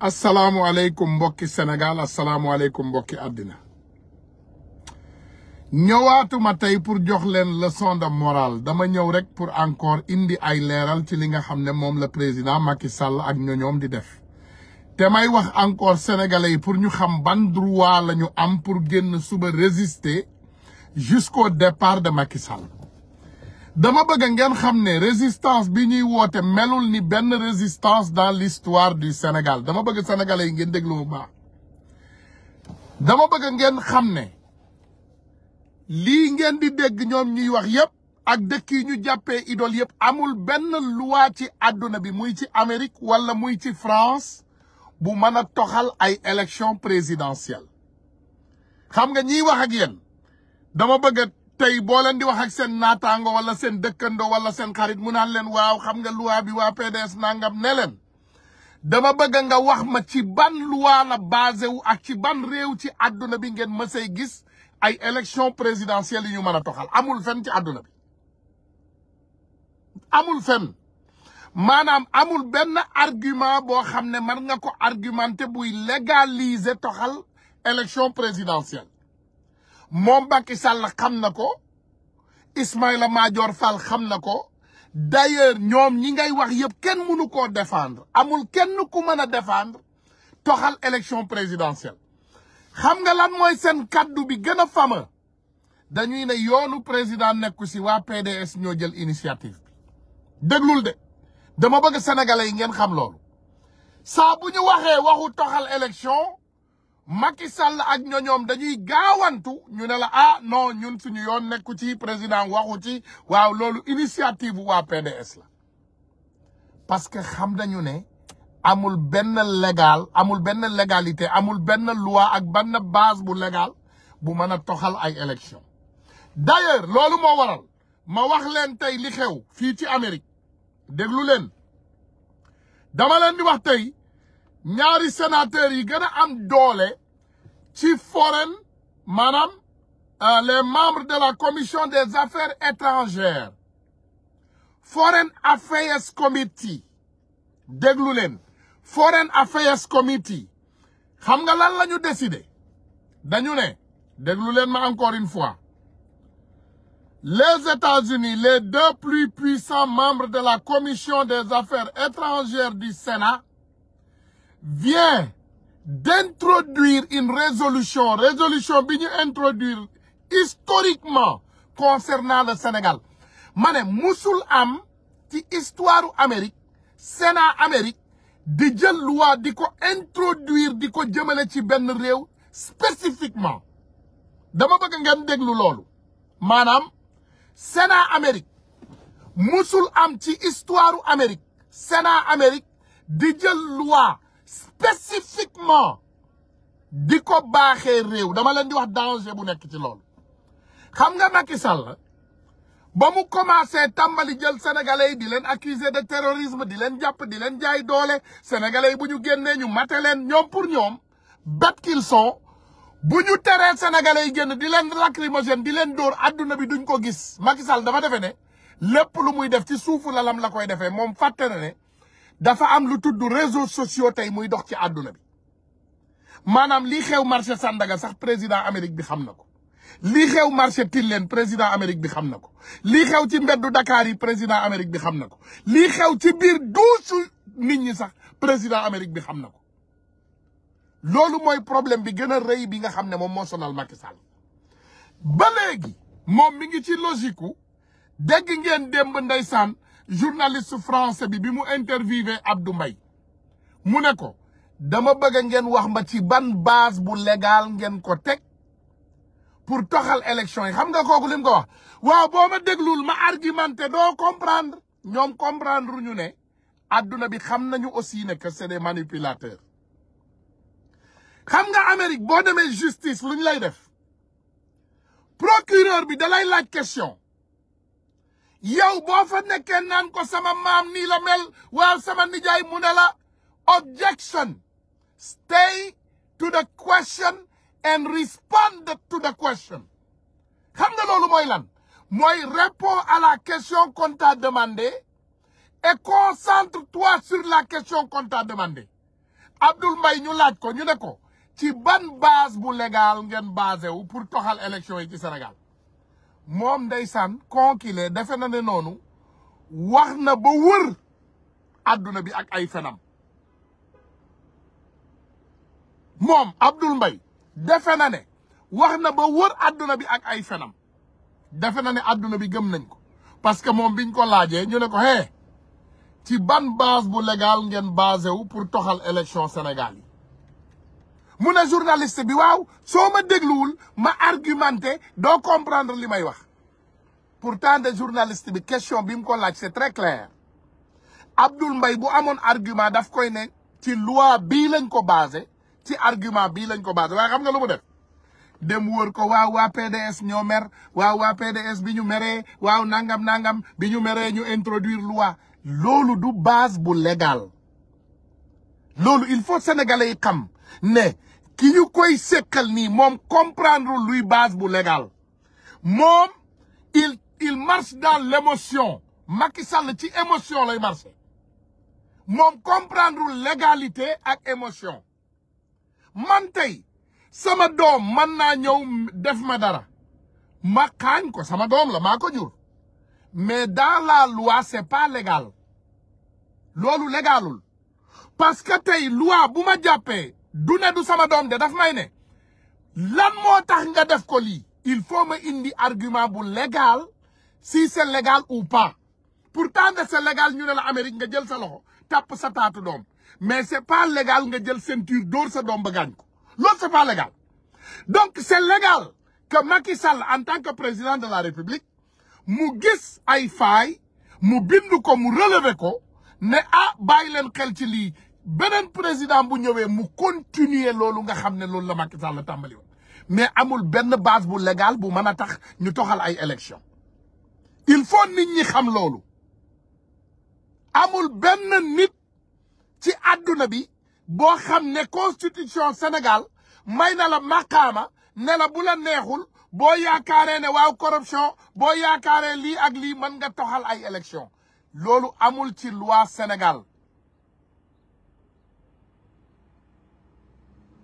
asalaamualeykum mbokki Sénégal asalaamualeykum mbokki àddina ñëwaatuma tey pour jox leen leçon de morale dama ñëw rek pour encore indi ay leeral ci li nga xam ne moom la président Macky Sall ak ñoñoom di def te may wax encore sénégalais yi pour ñu xam ban droit la ñu am pour génn suba résister jusqu'au départ de Macky Sall dama bëgg ngeen xam ne résistance bi ñuy woote melul ni benn résistance dans l'histoire du Sénégal dama bëgg sénégalais yi ngeen déglu bu baax dama bëgg ngeen xam ne lii ngeen di dégg ñoom ñuy wax yépp ak dëkk yi ñu jàppee idole yépp amul benn loi ci àdduna bi muy ci Amérique wala muy ci France bu mën a toxal ay élection présidentielle xam nga ñiy wax ak yéen dama bëgg tey boo leen di wax ak seen naataango wala seen dëkkandoo wala seen xarit mu naan leen waaw xam nga loi bi waa PDS nangam ne leen dama bëgg nga wax ma ci ban loi la basé wu ak ci ban réew ci àdduna bi ngeen mësay gis ay élection présidentielle yu ñu mën a toxal amul fenn ci àdduna bi amul fen maanaam amul benn argument boo xam ne mën nga ko argumenté buy légaliser toxal élection présidentielle moom Macky Sall xam na ko Ismaïla Madior Fall xam na ko d'ailleurs ñoom ñi ngay wax yëpp kenn mënu koo défendre amul kenn ku mën a défendre toxal élection présidentielle xam nga lan mooy seen kàddu bi gën a fama dañuy ne yoonu président nekku si waa PDS ñoo jël initiative bi déglul de dama bëgg sénégalais yi ngeen xam loolu saa bu ñu waxee waxu toxal élection Macky Sall ak ñoñoom dañuy gaawantu ñu ne la ah non ñun suñu yoon nekku ci président waxu ci waaw loolu initiative waa PDS la parce que xam nañu ne amul benn légal amul benn légalité amul benn loi ak benn base bu legal bu mën a toxal ay élection d'ailleurs loolu moo waral ma wax leen tey li xew fii ci Amérique déglu leen dama leen di wax tey ñaari sénateur yi gën a am doole ci foreign maanaam euh, les membres de la commission des affaires étrangères foreign affairs committee déglu leen foreign affairs committee xam nga lan la ñu décider dañu ne déglu ma encore une fois les États-Unis les deux plus puissants membres de la commission des affaires étrangères du Sénat viennent d'introduire une résolution résolution bi ñu introduire historiquement concernant le Sénégal ma ne musul am ci histoire Amérique Sénat Amérique di jël loi di ko introduire di ko jëmale ci benn réew spécifiquement dama bëgg ngeen déglu loolu maanaam Sénat Amérique musul am ci histoire Amérique Sénat Amérique di jël loi spécifiquement di ko baaxee réew dama leen di wax danger bu nekk ci loolu xam nga Macky Sall ba mu commencé tàmbali jël sénégalais yi di leen accuser de terrorisme di leen jàpp di leen jaay doole sénégalais yi bu ñu génnee ñu mate leen ñoom pour ñoom bêtes qu'ils sont bu ñu teree sénégalais yi génn di leen lacrymogène di leen dóor adduna bi duñ ko gis Macky Sall dafa defe ne lépp lu muy def ci suufu lalam la koy defee moom fàtte na ne dafa am lu tudd réseau sociaux tey muy dox ci àdduna bi maanaam lii xew marché Sandaga sax président Amérique bi xam na ko lii xew marché Tilène président Amérique bi xam na ko lii xew ci mbeddu Dakar yi président Amérique bi xam na ko lii xew ci biir duusu nit ñi sax président Amérique bi xam na ko loolu mooy problème bi gën a rëy bi nga xam ne moom moo sonal Macky Sall ba léegi moom mi ngi ci logique dégg ngeen démb ndeysaan journaliste français bi bi mu interviewé Abdou Mbaye mu ne ko dama bëgg ngeen wax ma ci ban base bu légal ngeen ko teg pour toxal élection yi xam nga kooku lim ko wax waaw boo ma déglul ma argumenté doo comprendre ñoom comprendre ñu ne adduna bi xam nañu aussi ne que c'est des manipulateurs xam nga Amérique boo demee justice lu ñu lay def procureur bi da lay laaj question yow boo fa nekkee naan ko sama maam nii la mel waaw sama nijaay mu ne la objection stay to the question and respond to the question xam nga loolu mooy lan mooy réponds à la question qu'on t'a demandé et concentre-toi sur la question qu'on t'a demandé Abdoul Mbaye ñu laaj ko ñu ne ko ci ban base bu légal ngeen basé wu pour toxal élection yi ci Sénégal moom ndeysaan konkile defe na ne noonu wax na ba wër àdduna bi ak ay fenam moom Abdoul Mbaye defe na ne wax na ba wër àdduna bi ak ay fenam defe na ne àdduna bi gëm nañ ko parce que moom biñ ko laajee ñu ne ko hee ci ban base bu legal ngeen basé wu pour toxal élection Sénégal yi mu ne journaliste bi waaw soo ma dégluwul ma argumenté doo comprendre li may wax pourtant de journaliste bi question bi mu ko laaj se très clair Abdoul mbay bu amoon argument daf koy ne ci loi bii lañ ko basé ci argument bii lañ ko basé waaye xam nga lu mu def mu wër ko waaw waa PDS ñoo mer waaw waa PDS bi ñu meree waaw nangam nangam bi ñu meree ñu introduire loi loolu du base bu légal loolu il faut sénégalais yi ne ki ñu koy sekkal nii moom comprendre luy base bu legal moom il il marche dans l'émotion Macky Sall ci émotion lay marché moom comprendre légalité ak émotion man tey sama doom mën naa ñëw def ma dara ma xaañ ko sama doom la maa ko jur mais dans la loi c'est pas légal loolu légalul parce que tey loi bu ma jàppee du ne du sama doom de daf may ne lan moo tax nga def ko lii il faut ma indi argument bu légal si c'est légal ou pas pourtant de c'est légal ñu ne la Amérique nga jël sa loxo tàpp sa taatu doom mais c'est pas légal nga jël ceinture dóor sa doom ba gaañ ko lool c'est pas légal donc c'est légal que Macky Sall en tant que président de la République mu gis ay faay mu bind ko mu relever ko ne ah bàyyi leen xel ci lii beneen président bu ñëwee mu continuer loolu nga xam ne loolu la Macky Sall la tàmbali mais amul benn baas bu légal bu mën a tax ñu toxal ay élection il faut nit ñi xam loolu amul benn nit ci àdduna bi boo xam ne constitution Sénégal may na la màqaama ne la bu la neexul boo yaakaaree ne waaw corruption boo yaakaaree lii ak lii mën nga toxal ay élection loolu amul ci loi Sénégal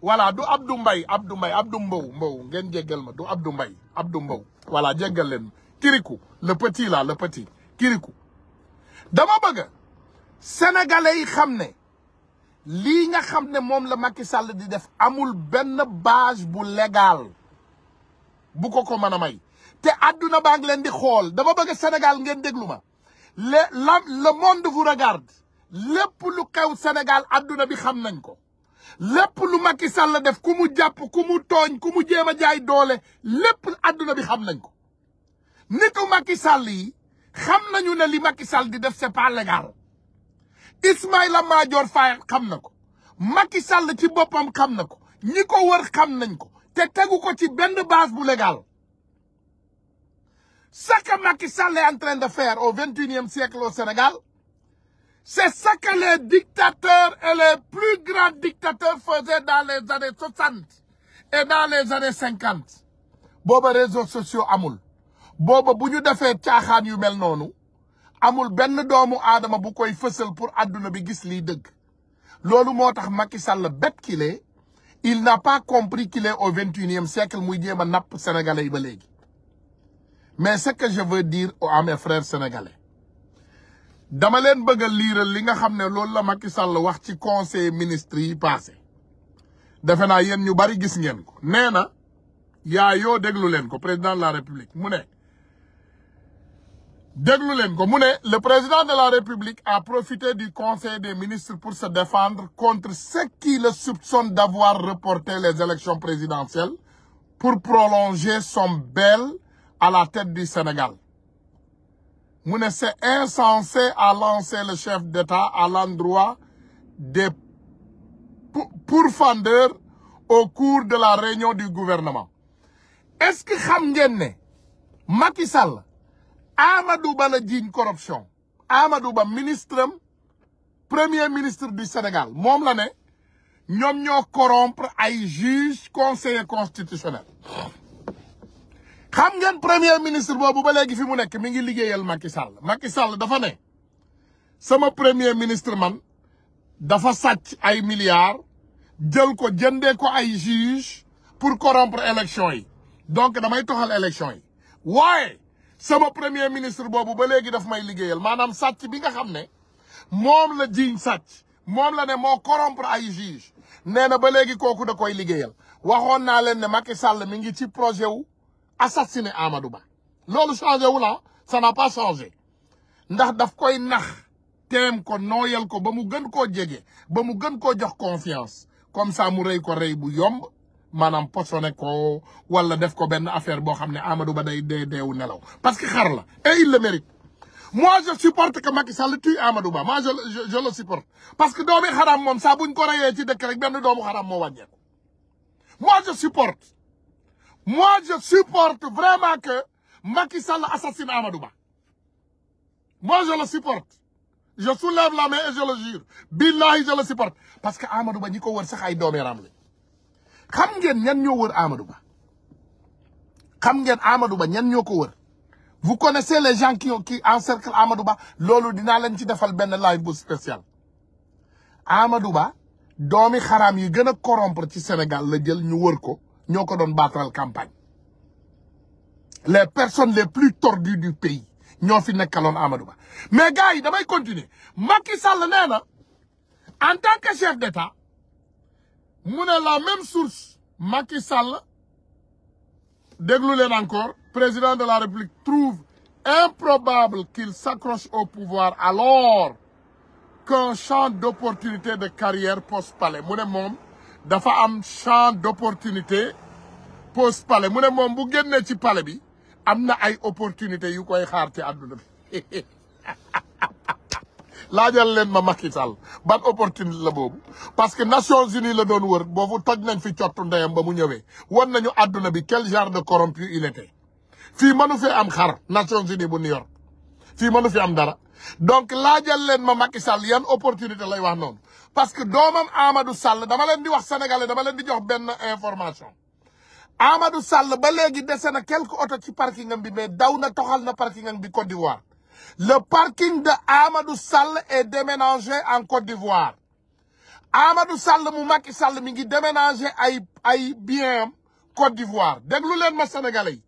voilà du Abdou Mbaye Abdou ab du Mbow Mbow ngeen jéggal ma du Abdou Mbaye Abdou Mbow voilà jéggal leen Kirikou le petit là dama bëgg sénégalais yi xam ne lii nga xam ne moom la Macky Sall di def amul benn base bu légal bu ko ko mën a may te àdduna baa ngi leen di xool dama bëgg senegal ngeen déglu ma le la le monde vous regarde lépp lu kew senegal àdduna bi xam nañ ko lépp lu Macky Sall def ku mu jàpp ku mu tooñ ku mu jéem a jaay doole lépp àdduna bi xam nañ ko nitu makki sàll yi xam nañu ne li Macky sàll di def c'est pas légal Ismaïla Madior Faye xam na ko Macky sàll ci boppam xam na ko ñi ko wër xam nañ ko te tegu ko ci benn base bu légal ce que Macky Sall est en train de faire au vingt et au Sénégal C'est ce que les dictateurs et les plus grands dictateurs faisaient dans les années 60 et dans les années booba réseaux sociaux amul booba bu ñu defee caaxaan yu mel noonu amul benn doomu aadama bu koy fësal pour àdduna bi gis lii dëgg loolu moo tax Macky Sall bête qu'il est il n'a pas compris kile est au vingt et siècle muy jéem a napp sénégalais yi ba léegi mais ce que je veux dire à mes frères sénégalais dama leen bëgg a liiral li nga xam ne loolu la Macky la wax ci conseil ministre yi passé defe naa yéen ñu bari gis ngeen ko nee na yaa yoo déglu leen ko président de la république mu ne déglu leen ko mu ne le président de la république a profité du conseil des ministres pour se défendre contre ceux qui le soupçonnent d'avoir reporté les élections présidentielles pour prolonger son bail à la tête du Sénégal mu ne c'est insensé à lancer le chef d'État à l'endroit des pourfendeurs au cours de la réunion du gouvernement est-ce que xam ngeen ne Macky Sall Amadou Ba la jiiñ corruption Amadou Ba ministre am premier ministre du Sénégal moom la ne ñoom ñoo corrompre ay juges conseillers constitutionnels xam ngeen premier ministre boobu ba léegi fi mu nekk mi ngi liggéeyal Macky Sall Macky Sall dafa ne sama premier ministre man dafa sàcc ay milliards jël ko jëndee ko ay juge pour corrompre élection yi donc damay toxal élection yi waaye sama premier ministre boobu ba léegi daf may liggéeyal maanaam sàcc bi nga xam ne moom la jiiñ sàcc moom la ne moo corrompre ay juge nee na ba léegi kooku da koy liggéeyal waxoon naa leen ne Macky Sall mi ngi ci projet wu assassiné Amadou Ba loolu changé wu la ça n'a pas changé ndax daf koy nax teem ko nooyal ko ba mu gën koo jege ba mu gën koo jox confiance comme ça mu rey ko rey bu yomb maanaam posone ko wala def ko benn affaire boo xam ne Amadou Ba day dee wu nelaw parce que xar la et il le mérite moi je supporte que Macky Sall tue Amadou Ba moi je je je le supporte parce que doomi xaram moom saa buñ ko reyee ci dëkk rek benn doomu xaram moo wàññeeku moi je supporte mois je supporte vraiment que Macky Sall assassine Amadou Ba moi je le supporte je soulève la main et je le jure billahi je le supporte parce que Amadou Ba ñi ko wër sax ay doomeeram la xam ngeen ñan ñoo wër Amadou xam ngeen Amadou Ba ñan ñoo ko wër vous connaissez les gens qui qui encerclent Amadou Ba loolu dinaa leen ci defal benn live bu spécial Amadou doomi xaraam yi gën a corrompre ci Sénégal la jël ñu wër ko ñoo ko doon baatal campagne les personnes les plus tordues du pays ñoo fi nekkaloon Amadou Ba mais gars yi damay continuer Macky Sall nee na en tant que chef d'État mu ne la même source Macky Sall déglu encore président de la République trouve improbable qu'il s'accroche au pouvoir alors qu'un champ d'opportunité de carrière post-palais mu ne moom dafa am champ d'opportunité post palais mu ne moom bu génnee ci palais bi am na ay opportunité yu koy xaar ci àdduna bi laajal leen ma Macky Sall ban opportunité la boobu parce que Nations Unies la doon wër boobu toj nañ fi cottu ndeyam ba mu ñëwee wan nañu àdduna bi quel genre de corrompu il était fii mënu fee am xar Nations Unies bu New York fii mënu fi am dara donc laajal leen ma Macky Sall yan opportunité lay wax noonu parce que doomam Amadou Sall dama leen di wax sénégalais dama leen di jox benn information Amadou Sall ba léegi dese na quelques oto ci parking am bi mais daw na toxal na parking am bi Côte d'Ivoire le parking de Amadou Sall est déménagé en Côte d'Ivoire Amadou Sall mu Macky Sall mi ngi déménager ay ay bien Côte d'Ivoire déglu leen ma sénégalais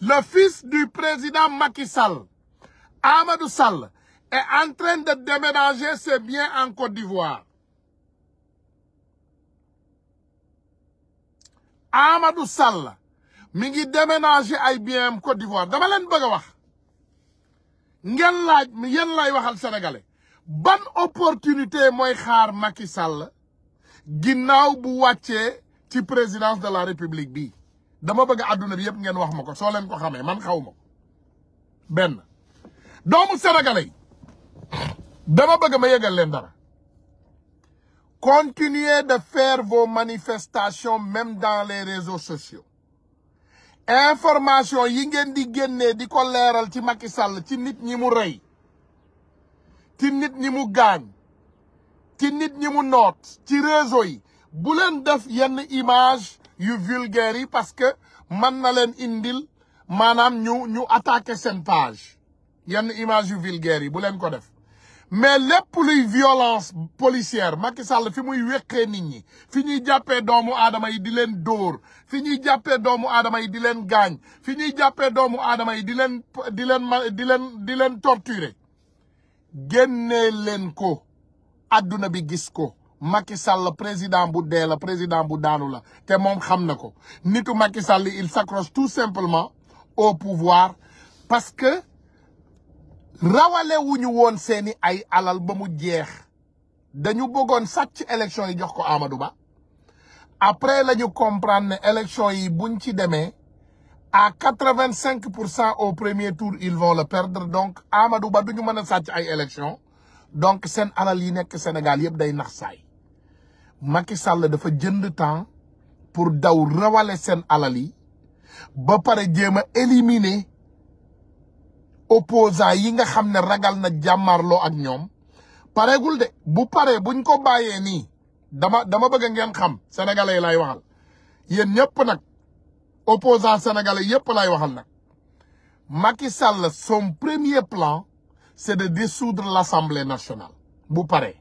le fils du président Macky Sall, Amadou sal est en train de déménager ses biens en Côte d'Ivoire. Amadou Sall mi ngi déménager ay bien am Côte d'Ivoire dama leen bëgg a wax ngeen laaj yéen lay waxal sénégalais ban opportunité mooy xaar Macky Sall ginnaaw bu wàccee ci présidence de la république bi dama bëgg àdduna bi yëpp ngeen wax ma ko soo leen ko xamee man xaw ma ko benn doomu seregale yi dama bëgg ma yëgal leen dara continuez de faire vos manifestations même dans les réseaux sociaux information yi ngeen di génnee di ko leeral ci Macky Sall ci nit ñi mu rey ci nit ñi mu gaañ ci nit ñi mu noot ci réseau yi bu leen def yenn image yu vulgaire yi parce que man na leen indil maanaam ñu ñu attaquer seen page yenn image yu vulgaire yi bu leen ko def mais lépp luy violence policière Macky Sall fi muy wéqee nit ñi fi ñuy jàppee doomu aadama yi di leen dóor fi ñuy jàppee doomu aadama yi di leen gaañ fi ñuy jàppee doomu aadama yi di leen di leen di leen di leen torturer génnee leen ko adduna bi gis ko Macky Sall président bu dee la président bu daanu la te moom xam na ko nitu Macky Sall il s'accroche tout simplement au pouvoir parce que rawale wu ñu woon seeni ay alal ba mu jeex dañu bëggoon sàcc élection yi jox ko Amadou Ba après la ñu comprendre yi buñ ci demee à quatre-vingt-cinq pour cent au premier tour ils vont le perdre donc Amadou Ba du ñu mën a sàcc ay élection donc seen alal yi nekk Sénégal yëpp day nax say Macky Sall dafa jënd temps pour daw rawale seen alal yi ba pare jéem a éliminer opposants yi nga xam ne ragal na jàmmarloo ak ñoom pareegul de bu paree buñ ko bàyyee nii dama dama bëgg ngeen xam sénégalais lay waxal yéen ñëpp nag opposant sénégalais yëpp lay waxal nag Macky Sall son premier plan c'est de dissoudre l'Assemblée nationale bu paree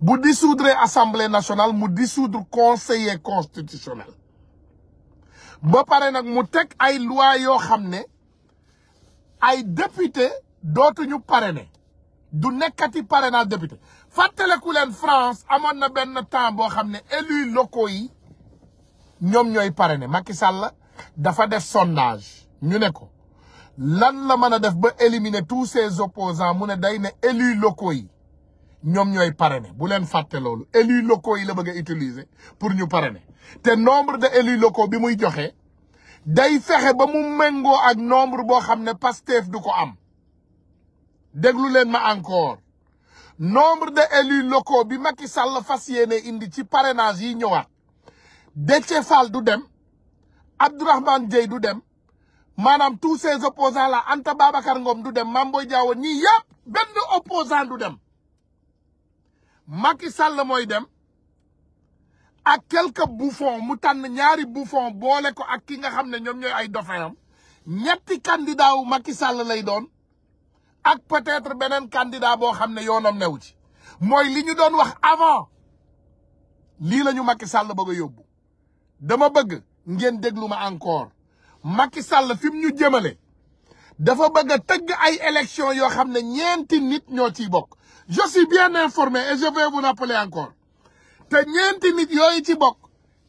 bu dissoudre assemblée nationale mu dissoudre conseiller constitutionnel ba pare nag mu teg ay loi yoo xam ne ay député dootuñu pare ne du nekkati na député fàttaleku leen France amoon na benn temps boo xam ne élus locaux yi ñoom ñooy parrainé Macky la dafa def sondage ñu ne ko lan la mën a def ba éliminer tous ses opposants mu ne day ne élus locaux yi ñoom ñooy parrainer bu leen fàtte loolu élus locaux yi la bëgg a utiliser pour ñu pare ne te nombre de élus locaux bi muy joxe day fexe ba mu méngoo ak nombre boo xam ne Pastef du ko am déglu leen ma encore nombre de élus locaux bi Macky Sall fas yéene indi ci parrainage yi ñëwaat Déthié Fall du dem Abdourahmane Dieye du dem maanaam tous ces opposants la Anta Babacar Ngom du dem Mame Boye Diao ñii yëpp benn opposant du dem Macky Sall mooy dem ak quelques bouffons mu tànn ñaari bouffons boole ko ak ki nga xam ne ñoom ñooy ay dauphinam ñetti candidat wu Macky Sall lay doon ak peut-être beneen candidat boo xam ne yoonam newu ci mooy li ñu doon wax avant lii lañu ñu Macky Sall yóbbu dama bëgg ngeen déglu ma encore Macky Sall fi mu ñu jëmale dafa bëgg a tëgg ay élection yoo xam ne ñeenti nit ñoo ciy bokk je si bien informé et je vais vous rappeler encore te ñeenti nit yooyu ci bokk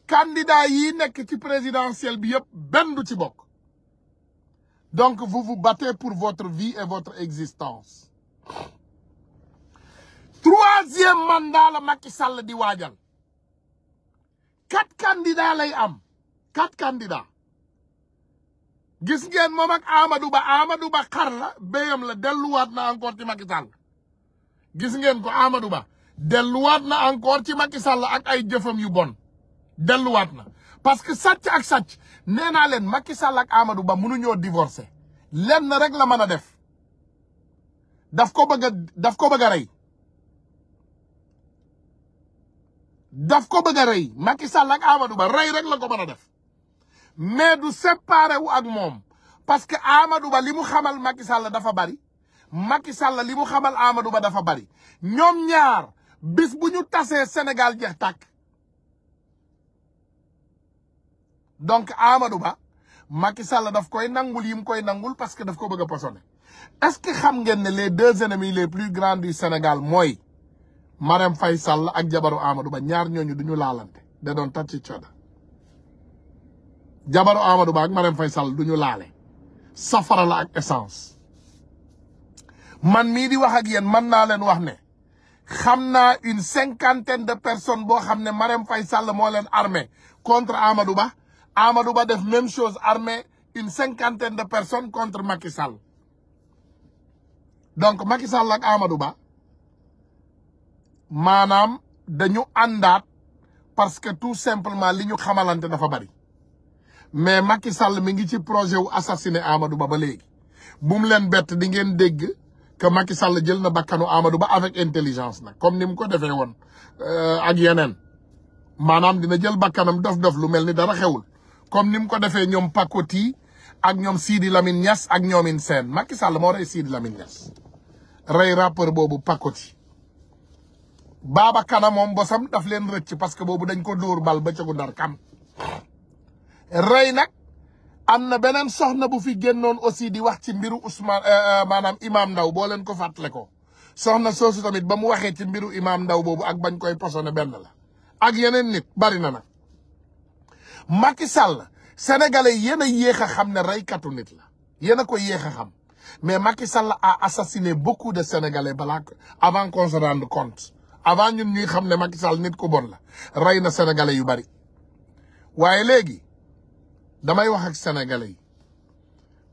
candidat yi nekk ci présidentielle bi yëpp benn du ci bokk donc vous vous battez pour votre vie et votre existence troisième mandat la Macky Sall di waajal quatre candidats lay am quatre candidats gis ngeen moom ak Amadou Ba Amadou Ba xar la béyam la delluwaat na encore ci Macky Sall gis ngeen ko Amadou Ba delluwaat na encore ci Macky Sall ak ay jëfam yu bon delluwaat na parce que sàcc ak sàcc nee naa leen Macky Sall ak Amadou Ba mënuñoo divorcer na rek la mën a def daf ko bëgg a daf ko bëgg rey daf ko bëgg a rey Macky Sall ak Amadou Ba rey rek la ko mën a def mais du séparé ak moom parce que Amadou Ba li mu xamal Macky Sall dafa bari Macky Sall li mu xamal Amadou Ba dafa bari ñoom ñaar bis bu ñu tasee senegal jeex tàkk donc Amadou Ba Macky Sall daf koy nangul yi mu koy nangul parce que daf ko bëgg a posone est-ce que xam ngeen ne les deux ennemis les plus grands du senegal mooy Marème Faye Sall ak jabaru Amadou Ba ñaar ñooñu du ñu laalante da doon tat ci cooda jabaru Amadou Ba ak Marème Faye Sall du ñu laale safara la ak essence man mii di wax ak yéen mën naa leen wax ne xam naa une cinquantaine de personnes boo xam ne Marème Faye Sall moo leen armé contre Amadou Ba Amadou Ba def même chose armé une cinquantaine de personnes contre maki Sall donc Macky Sall ak Amadou Ba maanaam dañu àndaat parce que tout simplement li ñu xamalante dafa bari mais maki Sall mi ngi ci projet wu assassiner Amadou Ba ba léegi bu leen bett di ngeen dégg que maki Sall jël na bakanu Amadou Ba avec intelligence nag comme ni mu ko defee woon euh, ak yeneen maanaam dina jël bakkanam dof-dof lu mel ni dara xewul comme ni mu ko defee ñoom Pakoti ak ñoom Sidi Lamine ñas ak ñoom In Sène Macky Sall moo rey Sidi Lamine Niass rey rappeur boobu Pakoti baaba kana moom bosam daf leen rëcc parce que boobu dañ ko dóor bal ba cagu ndar kam rey nag am na beneen soxna bu fi noon aussi di wax ci mbiru Ousmane euh, euh, maanaam Imaam Ndaw boo leen ko fàttale ko soxna soosu tamit ba mu waxee ci mbiru Imaam Ndaw boobu ak bañ koy posone benn la ak yeneen nit bari na nag maki Sall sénégalais yéen a yéex a xam ne rey katu nit la yéen a ko yéex a xam mais Macky Sall a assassiné beaucoup de sénégalais balaa avant qu'on se compte avant ñun ñuy xam ne maki Sall nit ku bon la rey na sénégalais yu bari waaye léegi damay wax ak sénégalais yi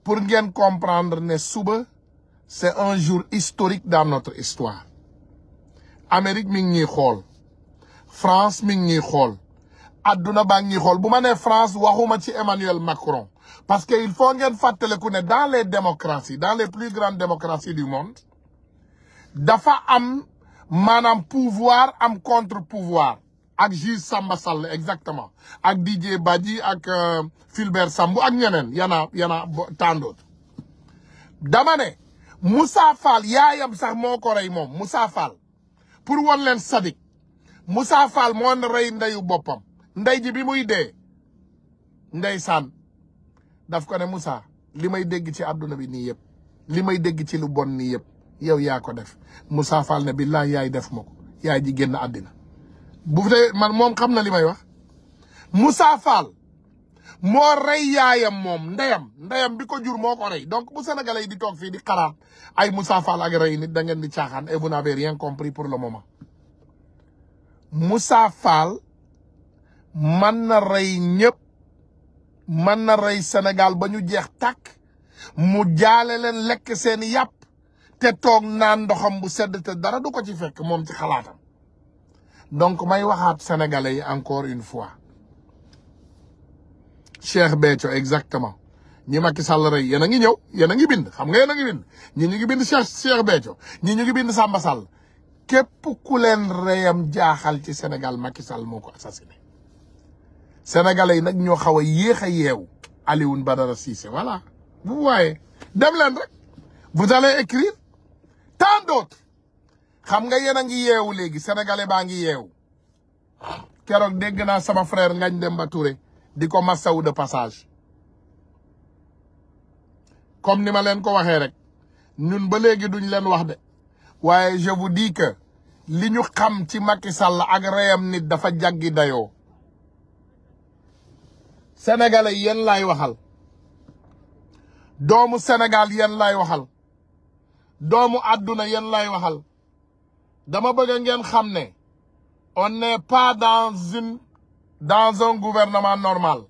pour ngeen comprendre ne suba c'est un jour historique dans notre histoire Amérique mi ngi ñuy xool France mi ngi ñuy xool adduna baa ngi ñuy xool bu ma nee France waxuma ci Emmanuel Macron parce que il faut ngeen fàttaliku ne dans les démocraties dans les plus grandes démocraties du monde dafa am maanaam pouvoir am contre pouvoir ak juge Samba Sall exactement ak DJ Badji ak Fulbert euh, Sambou ak ñeneen yana yana tàndoot dama ne yaayam sax moo ko rey moom Moussa Fall pour won leen sadik Moussa Fall moo rey ndeyu boppam ndey ji bi muy dee ndey saan daf ko ne Moussa li may dégg ci àdduna bi nii yëpp li may dégg ci lu bon nii yëpp yow yaa ko def Moussa Fall ne billaah yaay def ma ko yaay ji génn àddina bu fi man moom xam na li may wax Moussa Fall moo rey yaayam moom ndeyam ndeyam bi ko jur moo ko rey donc bu sénégalais yi di toog fii di xalaat ay Moussa Fall ak rey nit da ngeen di caaxaan et vous n'avez rien compris pour le moment Moussa Fall man na rey ñëpp man na rey senegal ba ñu jeex takk mu jaale leen lekk seen yàpp te toog naan ndoxam bu sedd te dara du ko ci fekk moom ci xalaatam donc may waxaat sénégalais yi encore une fois Cheikh Béthio exactement ñi Macky Sall rey yéen a ngi ñëw yéen a ngi bind xam nga yéen a ngi bind ñi ñu ngi bind Cheikh Cheikh Béthio ñi ñu ngi bind Samba Sall képp ku leen reyam jaaxal ci Sénégal Macky Sall moo ko assassiné sénégalais yi nag ñoo xaw a yéex a yeew Alioune Badara Cissé voilà vous voyez dem leen rek vous allez écrire tant d'autres xam nga yéen a ngi yeewu léegi sénégalais baa ngi yeewu keroog dégg naa sama frère Ngagne Demba Touré di ko massawu de passage comme ni ma leen ko waxee rek ñun ba léegi duñ leen wax de waaye je vous dis que li ñu xam ci Macky Sall ak reyam nit dafa jaggi dayoo sénégalais yéen laay waxal doomu Sénégal yéen laay waxal doomu àdduna yéen lay waxal dama bëgg ngeen xam ne on n'est pas dans une dans un gouvernement normal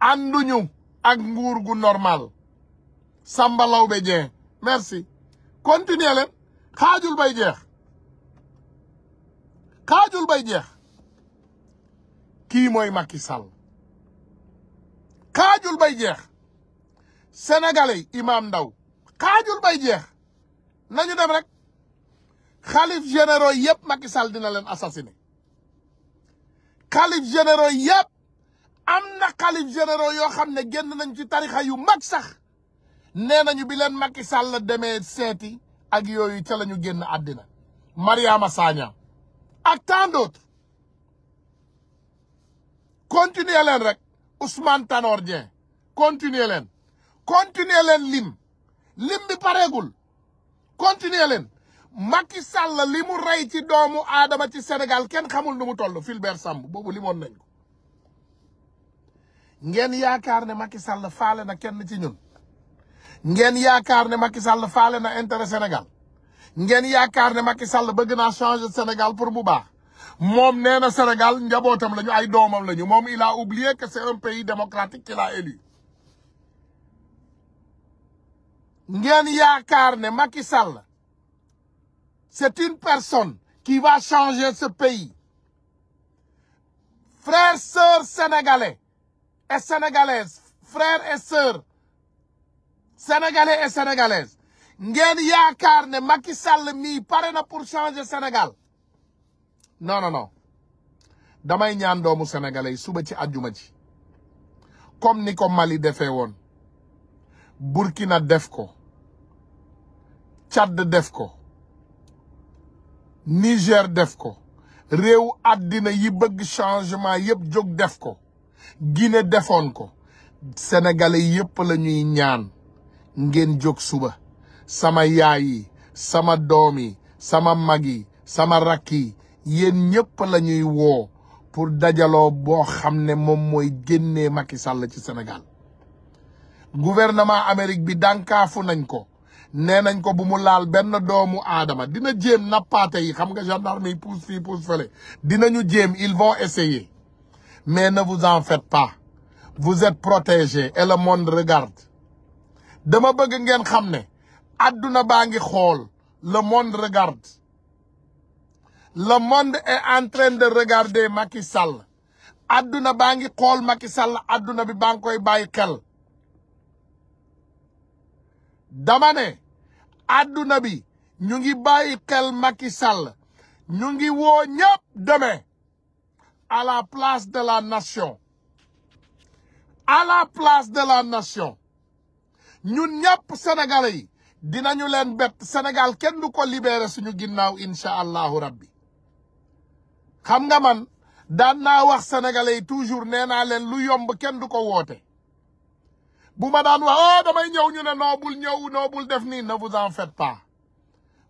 ànduñu ak nguur gu normal sambalaw Laobé Dieng merci continuer leen xaajul bay jeex xaajul bay jeex kii mooy Macky Sall xaajul bay jeex sénégalais imam ndaw xaajul bay jeex nañu dem rek xalif généro yëpp Macky Sall dina leen assassiné xalif généro yëpp am na xalif généraux yoo xam ne génn nañ ci tarixa yu mag sax nee nañu bileen leen Macky Sall demee seeti ak yooyu ca la ñu génn àddina Mariama Sagna ak tant d'autres continuer rek Ousmane Tanor Dieng continuer leen continuer leen lim lim bi pareegul continuer leen maki Sall li mu rey ci doomu aadama ci Sénégal kenn xamul nu mu toll Fulbert Samb boobu limoon nañ ko ngeen yaakaar ne maki Sall faale na kenn ci ñun ngeen yaakaar ne Macky Sall faale na intérêt Sénégal ngeen yaakaar ne Macky Sall bëgg naa changer Sénégal pour bu baax moom nee na Sénégal njabootam lañu ay doomam lañu moom il a oublié que c'est un pays démocratique qu'il a élu ngeen yaakaar ne Macky Sall c'est une personne qui va changer ce pays frères sœurs sénégalais et sénégalaises frères et sœurs sénégalais et sénégalaises ngeen yaakaar ne Macky Sall mii pare na pour changer Sénégal non non non damay ñaan doomu sénégalais yi suba ci àjjuma ji comme ni ko Mali defee woon Burkina def ko Tchad def ko Niger def ko réew àddina yi bëgg changement yëpp jóg def ko Guinée defoon ko senegale yëpp lañuy ñaan ngeen jóg suba sama yaay sama doom sama mag sama rakk yi yéen ñëpp la woo pour dajaloo boo xam ne moom mooy génnee Macky sàll ci Sénégal gouvernement Amérique bi dànkaafu nañ ko nee nañ ko bu mu laal benn doomu aadama dina jéem nappate yi xam nga gendarme yi pousse fii pousse fële dinañu jéem ils vont essayer mais na vous en fait pas vous êtes protégés et le monde regarde dama bëgg ngeen xam ne adduna baa ngi xool le monde regarde le monde est en train de regarder Macky Sall adduna baa ngi xool Macky Sall adduna bi baa ngi koy bàyyi xel damane àdduna bi ñu ngi bàyyi xel Macky Sall ñu ngi woo ñëpp demain à la place de la nation à la place de la nation ñun ñëpp sénégalais yi dinañu leen bett Sénégal kenn du ko libéré suñu ginnaaw incha allahu rabbi xam nga man daan naa wax sénégalais yi toujours nee naa leen lu yomb kenn du ko woote bu ma daan wax oh damay ñëw ñu ne noo bul ñëw noo bul def nii ne vous en faites pas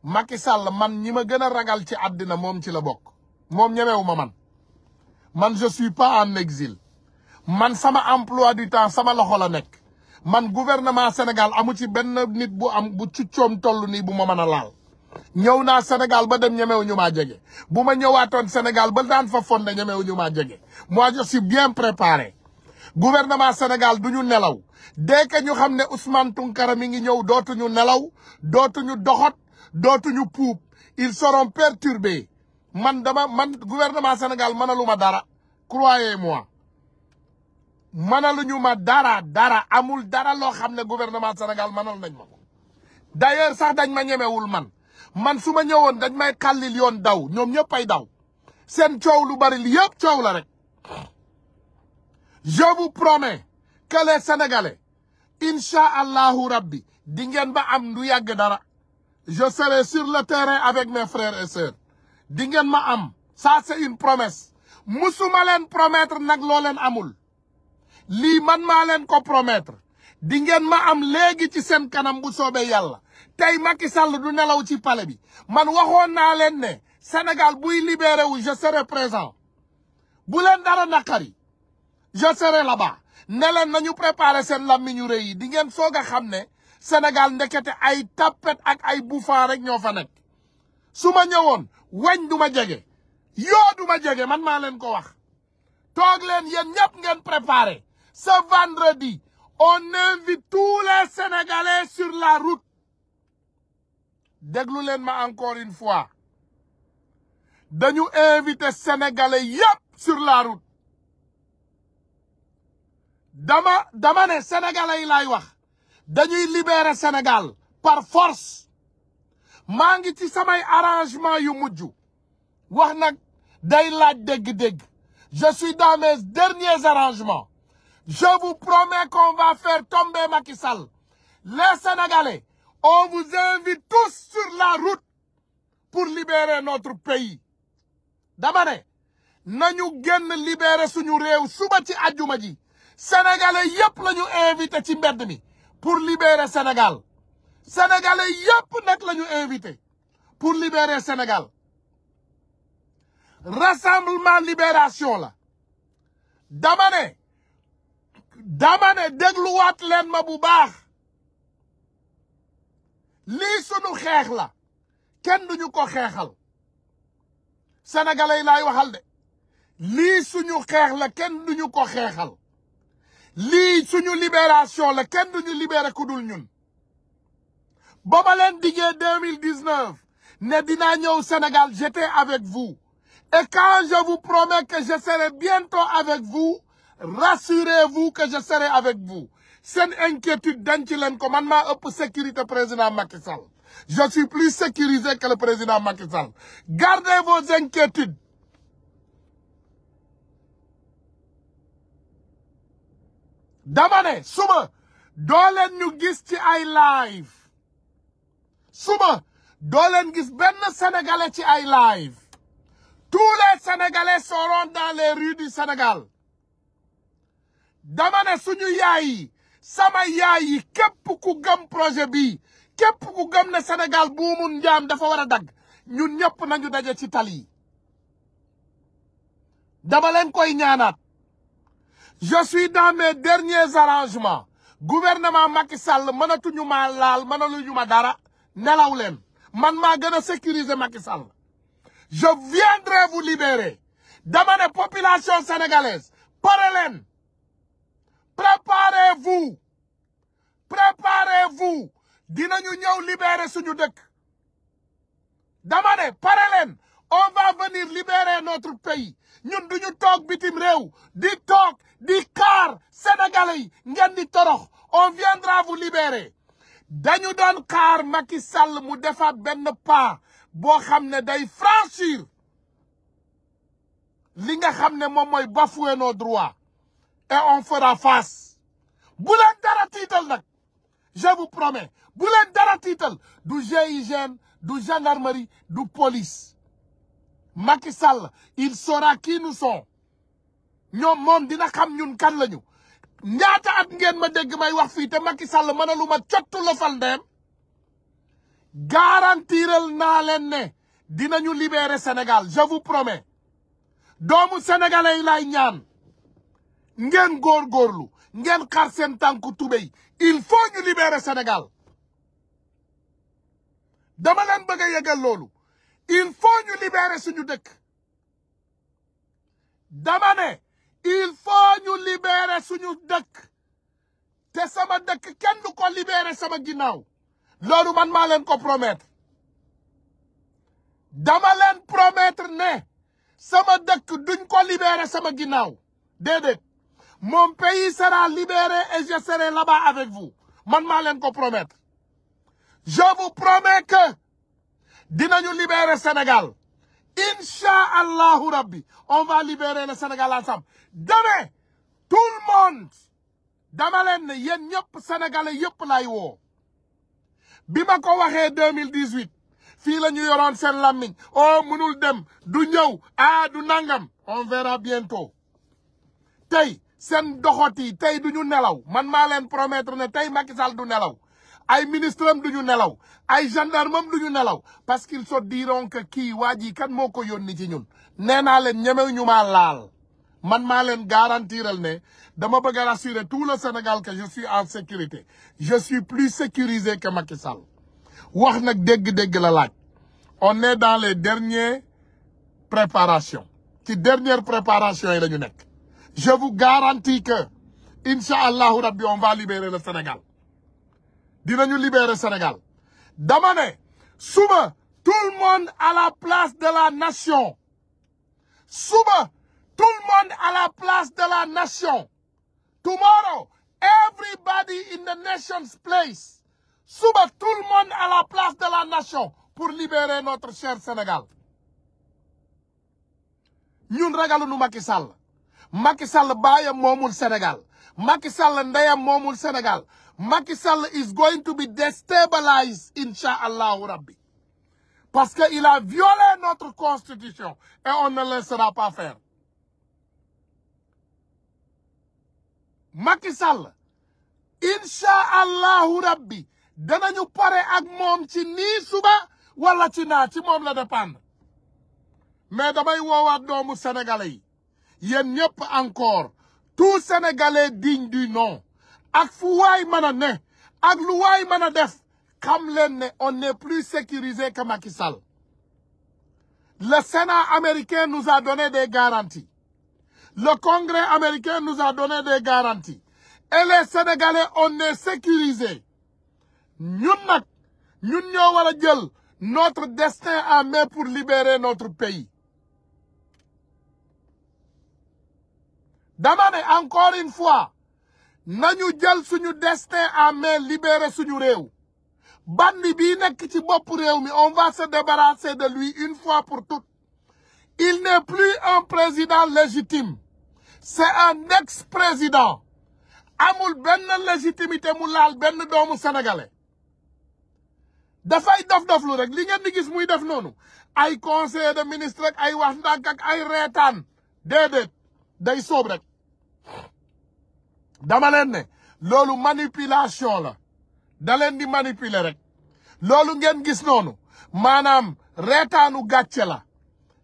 Macky Sall man ñi ma gën a ragal ci àddina moom ci la bokk moom ñemewu ma man man je suis pas en exil man sama emploi du temps sama loxo la nekk man gouvernement Sénégal amu ci benn nit bu am bu ci cuccoom toll nii bu ma mën a laal ñëw naa Sénégal ba dem ñemewu ñu maa jege bu ma ñëwaatoon Sénégal ba daan fa fonde ñemewu ñu maa jege mois je suis bien préparé gouvernement Sénégal du ñu nelaw dès que ñu xam ne Ousmane Tounkara mi ngi ñëw dootuñu nelaw dootuñu doxot dootuñu puub ils seront perturbés man dama man gouvernement Sénégal ma dara croyez-moi ñu ma dara dara amul dara loo xam ne gouvernement Sénégal mënal nañ ma ko d'ailleurs sax dañ ma ñemewul man man su ma ñëwoon dañ may xàllil yoon daw ñoom ñëpp ay daw seen coow lu bari li yëpp coow la rek je vous promets que les sénégalais incha allahu rabbi di ngeen ba am du yàgg dara je serai sur le terrain avec mes frères et sœurs di ma am ça c'est une promesse musuma leen promettre nag loo leen amul lii man maa leen ko promettre di ngeen ma am léegi ci seen kanam bu soobee yàlla tey Macky Sall du nelaw ci palais bi man waxoon naa leen ne senegal buy libéré wu je serai bu leen dara naqari je serai ne nañu préparer seen lammi ñu yi di ngeen soog a xam ne Sénégal ndekete ay tappet ak ay bouffant rek ñoo fa nekk su ma ñëwoon weñ du jege yoo du jege man maa leen ko wax toog leen yéen ñëpp ngeen préparer ce vendredi on invite tous sur la route déglu leen ma encore une fois dañu invité Sénégalais yëpp sur la route dama dama ne sénégalais yi laay wax dañuy libérer Sénégal par force maa ngi ci samay arrangement yu mujj wax nag day laaj dégg-dégg je suis dans mes derniers arrangements je vous promets qu'on va faire tomber Macky Sall les sénégalais on vous invite sur la route pour libérer notre pays dama ne nañu génn libérer suñu réew suba ci ajuma ji sénégalais yëpp lañu ñu invité ci mbedd mi pour libérer Sénégal sénégalais yëpp nag lañu invité pour libérer Sénégal rassemblement libération la dama ne dama ne dégluwaat leen ma bu baax lii sunu xeex la kenn duñu ko xeexal sénégalais yi lay waxal de lii suñu xeex la kenn duñu ko xeexal lii suñu libération la kenn duñu libéré ku du ñun ba ma leen diggee ne dinaa ñëw Sénégal j'étais avec vous et quand je vous promets que je serai bientôt avec vous rassurez-vous que je serai avec vous seen inquiétude denc leen ko man maa ëpp sécurité président Macky Sall je suis plus sécurisé que le président Macky Sall gardez vos inquiétudes dama ne suba doo gis ci ay live suba doo gis benn sénégalais ci ay live tous les sénégalais seront dans les rues du Sénégal dama suñu yaay sama yaay yi képp ku gëm projet bi képp ku gëm ne Sénégal buumu njaam dafa war a dagg ñun ñëpp nañu daje ci tali dama leen koy ñaanaat je suis dans mes derniers arrangements gouvernement Macky Sall mënatuñu ma laal mënaluñu ma dara nelaw leen man maa gën a sécuriser Macky Sall je viendrai vous libérer dama ne population sénégalaise préparez-vous préparez-vous dinañu ñëw libérer suñu dëkk dama ne pare leen on va venir libérer notre pays ñun duñu toog bitim réew di toog di xaar sénégalais yi ngeen di torox on viendra vous libérer dañu doon xaar Macky Sall mu defaat benn pas boo xam ne day franchir li nga xam ne moom mooy bafouer nos droits et on fera face bu dara tiital nag je vous promets bu dara tiital du GIGN du gendarmerie du police Macky Sall il saura qui nous sommes ñoom moom dina xam ñun kan lañu ñaata at ngeen ma dégg may wax fii te Macky Sall mënalu ma cottu la fal ndeem garantiral naa leen ne dinañu libérer Sénégal je vous promets doomu sénégalais yi lay ñaan ngeen góorgóorlu ngeen xar seen tànku tubéy il faut ñu libérer Sénégal dama leen bëgg a yëgal loolu il faut ñu libérer suñu dëkk dama ne il faut ñu libérer suñu dëkk te sama kenn du ko libérer sama ginnaaw loolu man maaleen ko promettre dama leen promettre ne sama dëkk duñ ko libérer sama ginnaaw déedéet mon pays sera libéré et je serai là man maa leen ko promettre je vous promets que dinañu libérer Sénégal incha allahu rabbi on va libérer le Sénégal ensemble dame tout le monde dama leen ne yéen ñëpp sénégalais yëpp lay woo bi ma ko waxee deux mille dix huit fii la ñu yoroon seen làmmiñ oh mënul dem du ñëw ah du nangam on verra bientôt tey seen doxot tey du ñu nelaw man maa leen promettre ne tey Macky Sall du nelaw ay ministre am du ñu nelaw ay gendarme am du ñu nelaw parce qu'ils sot diront que kii waa ji kan moo ko yónni ci ñun nee naa leen ñeme ñu maa laal man maa leen garantiral ne dama bëgg a rassurer le Sénégal que je suis en sécurité je suis plus sécurisé que Macky sal wax nag dégg-dégg la laaj on est dans les dernières préparations ci dernière préparation yi la ñu nekk je vous garanti que incha allahu rabbi on va libérer le Sénégal dinañu libérer Sénégal dama ne suba tout le monde à la place de la nation suba Tout le monde à la place de la nation. Tomorrow, everybody in the nation's place. Suba, tout le monde la place de la nation pour libérer notre cher Sénégal. ñun ragaluñu Macky Sall Macky Sall baayam moomul Sénégal Macky Sall moomul Sénégal Macky is going to be destabilized incha allahu rabbi parce que il a violé notre constitution et on ne laissera pas faire Macky Sall incha allahu rabbi danañu pare ak moom ci nii suba wala ci naa ci moom la dépendre mais damay woowaat doomu sénégalais yi yéen ñëpp encore tout sénégalais digne du nom ak fu waay mën ne ak lu waay mën a def xam leen ne on n'est plus sécurisé que Macky Sall le Sénat américain nous a donné des garanties Le Congrès américain nous a donné des garanties. Et les Sénégalais, on est sécurisés. ñun nag ñun ñoo war a jël notre destin en main pour libérer notre pays. dama ne encore une fois nañu jël suñu destin en main libérer suñu réew. bandi bii nekk ci boppu réew mi on va se débarrasser de lui une fois pour toutes. il n'est plus un président légitime. c'est un ex-président amul benn légitimité mu laal benn doomu sénégalais dafay dof-dof rek li ngeen di gis muy def noonu ay conseil de ministre ay wax ndànk ak ay reetaan déedéet day soob rek dama leen ne loolu manipulation la da leen di manipile rek loolu ngeen gis noonu maanaam reetaanu gàcce la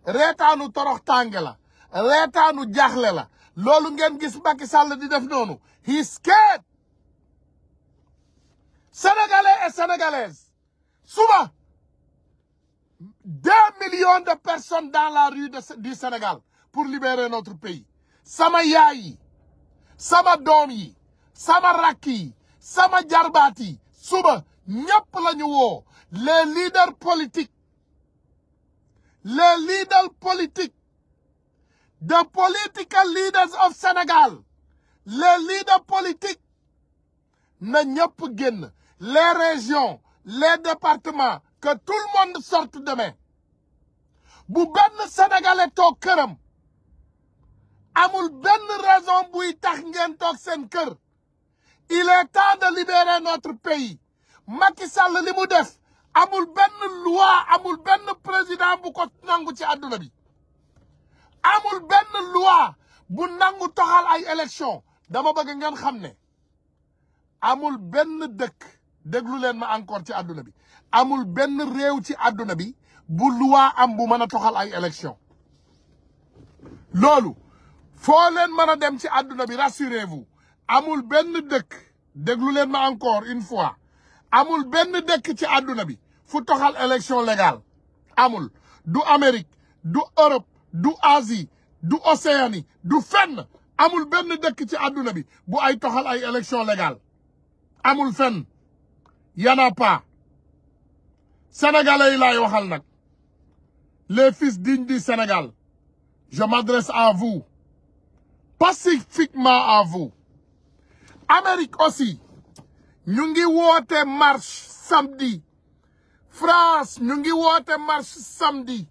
reetaanu torox tànge la reetaanu jaaxle la loolu ngeen gis Macky Sall di def noonu he scared sénégalais et sénégalaises suba deux millions de personnes dans la rue de, du Sénégal pour libérer notre pays sama yaay yi sama doom yi sama rakk sama jarbaat suba ñépp la ñu woo les leaders politiques les leaders politiques the political leaders of Sénégal les leaders politiques na ñëpp génn les régions les départements que tout le monde sorte demain bu benn sénégalais toog këram amul benn raison buy tax ngeen toog seen kër il est temps de libérer notre pays Macky li mu def amul benn luwa amul benn président bu ko nangu ci àdduna bi amul benn loi bu nangu toxal ay élection dama bëgg ngeen xam ne amul benn dëkk déglu leen ma encore ci àdduna bi amul benn réew ci àdduna bi bu loi am bu mën a toxal ay élection loolu foo leen mën a dem ci àdduna bi rassurez-vous amul benn dëkk déglu leen ma encore une fois amul benn dëkk ci àdduna bi fu toxal élection legal amul du Amérique du Europe du Asie du Océanie du fenn amul benn dëkk ci àdduna bi bu ay toxal ay élection légale amul fenn yana pas sénégalais yi waxal nag les fils dignes du Sénégal je m'adresse à vous pacifiquement à vous Amérique aussi ñu ngi woote marche samedi France ñu ngi woote marche samedi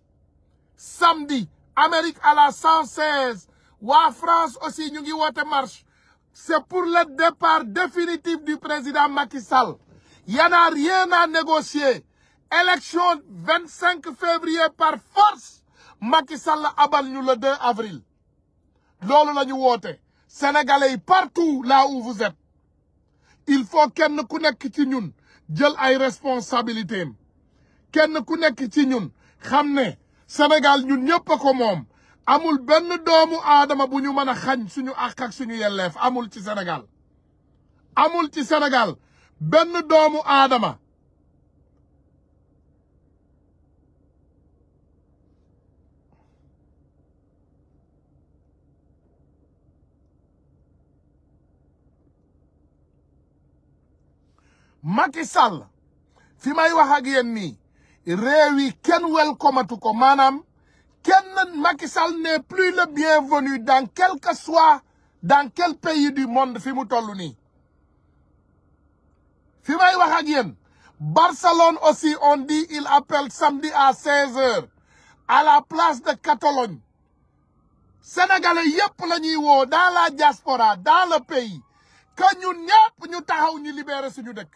samedi Amérique à la 116 waa France aussi ñu ngi woote marche c'est pour le départ définitif du président Macky Sall y en a rien à négocier élection février par force Macky Sall abal ñu le 2 avril loolu la woote sénégalais yi partout la où vous il faut kenn ku nekk ci ñun jël ay responsabilités kenn ku nekk ci ñun xam ne Sénégal ñun ñëpp a ko moom amul benn doomu aadama bu ñu mën a xañ suñu àq ak suñu yelleef amul ci Sénégal amul ci Sénégal benn doomu aadama Macky Sall fi may wax ak yéen nii réew yi kenn welkomatu ko maanaam kenn Macky Sall n'est plus le bienvenu dans quel que soit dans quel pays du monde fi mu toll nii fi may wax ak yéen Barcelone aussi on dit il appelle samedi à 16h à la place de Catalogne sénégalais yépp la ñuy woo dans la diaspora dans le pays que ñun ñu taxaw ñu libérer suñu dëkk